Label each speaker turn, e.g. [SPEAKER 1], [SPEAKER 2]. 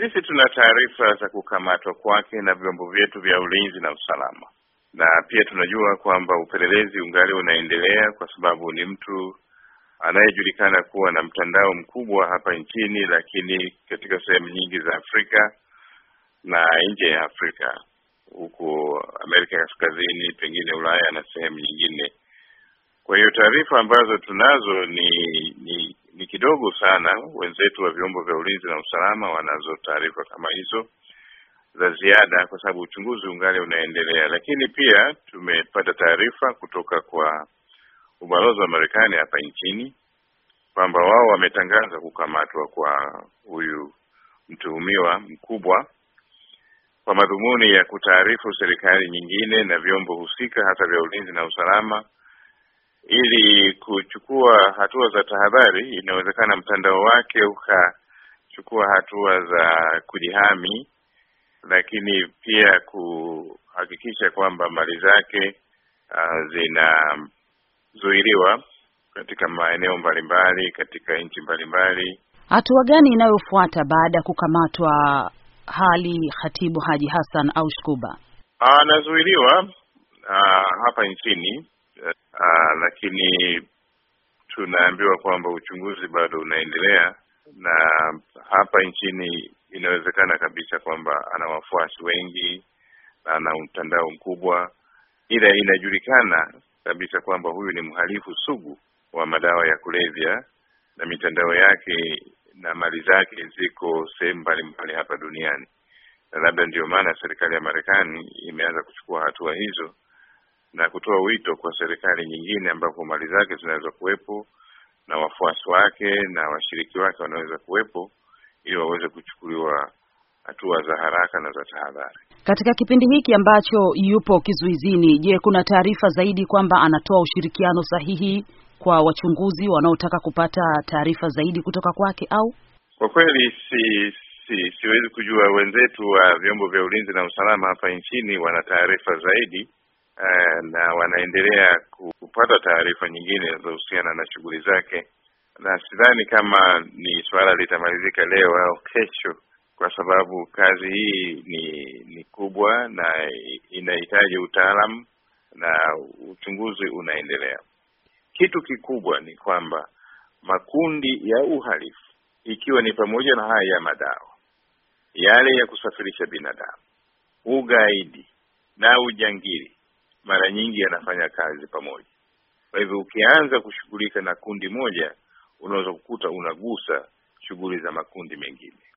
[SPEAKER 1] Sisi tuna taarifa za kukamatwa kwake na vyombo vyetu vya ulinzi na usalama, na pia tunajua kwamba upelelezi ungali unaendelea, kwa sababu ni mtu anayejulikana kuwa na mtandao mkubwa hapa nchini, lakini katika sehemu nyingi za Afrika na nje ya Afrika, huku Amerika Kaskazini, pengine Ulaya na sehemu nyingine. Kwa hiyo taarifa ambazo tunazo ni ni ni kidogo sana. Wenzetu wa vyombo vya ulinzi na usalama wanazo taarifa kama hizo za ziada, kwa sababu uchunguzi ungali unaendelea. Lakini pia tumepata taarifa kutoka kwa ubalozi wa Marekani hapa nchini kwamba wao wametangaza kukamatwa kwa huyu mtuhumiwa mkubwa kwa madhumuni ya kutaarifu serikali nyingine na vyombo husika hasa vya ulinzi na usalama ili kuchukua hatua za tahadhari. Inawezekana mtandao wake ukachukua hatua za kujihami, lakini pia kuhakikisha kwamba mali zake uh, zinazuiliwa katika maeneo mbalimbali katika nchi mbalimbali.
[SPEAKER 2] Hatua gani inayofuata baada ya kukamatwa hali Khatibu Haji Hassan au Shkuba?
[SPEAKER 1] Ah, anazuiliwa ah, hapa nchini uh, lakini tunaambiwa kwamba uchunguzi bado unaendelea na hapa nchini inawezekana kabisa kwamba ana wafuasi wengi na ana mtandao mkubwa, ila inajulikana kabisa kwamba huyu ni mhalifu sugu wa madawa ya kulevya na mitandao yake na mali zake ziko sehemu mbalimbali hapa duniani, na labda ndio maana serikali ya Marekani imeanza kuchukua hatua hizo na kutoa wito kwa serikali nyingine ambapo mali zake zinaweza kuwepo na wafuasi wake na washiriki wake wanaweza kuwepo ili waweze kuchukuliwa hatua za haraka na za tahadhari.
[SPEAKER 2] Katika kipindi hiki ambacho yupo kizuizini, je, kuna taarifa zaidi kwamba anatoa ushirikiano sahihi kwa wachunguzi wanaotaka kupata taarifa zaidi kutoka kwake? Au
[SPEAKER 1] kwa kweli si, si siwezi kujua. Wenzetu wa vyombo vya ulinzi na usalama hapa nchini wana taarifa zaidi Eh, na wanaendelea kupata taarifa nyingine zinazohusiana na shughuli zake, na sidhani kama ni suala litamalizika leo au kesho, kwa sababu kazi hii ni ni kubwa na inahitaji utaalamu na uchunguzi unaendelea. Kitu kikubwa ni kwamba makundi ya uhalifu, ikiwa ni pamoja na haya ya madawa, yale ya kusafirisha binadamu, ugaidi na ujangili mara nyingi yanafanya kazi pamoja. Kwa hivyo ukianza kushughulika na kundi moja, unaweza kukuta unagusa shughuli za makundi mengine.